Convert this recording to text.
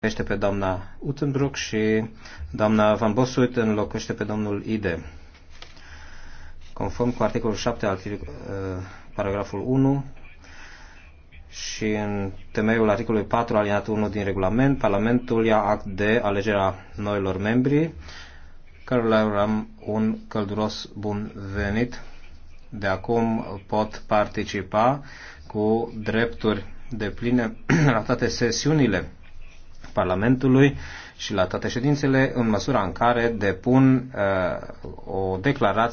înlocuiește pe doamna Utenbruck și doamna Van Bosuit înlocuiește pe domnul Ide. Conform cu articolul 7 al uh, paragraful 1 și în temeiul articolului 4 aliniatul 1 din regulament, Parlamentul ia act de alegerea noilor membri, care le urăm un călduros bun venit. De acum pot participa cu drepturi de pline la toate sesiunile Parlamentului și la toate ședințele în măsura în care depun uh, o declarație